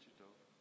Wichita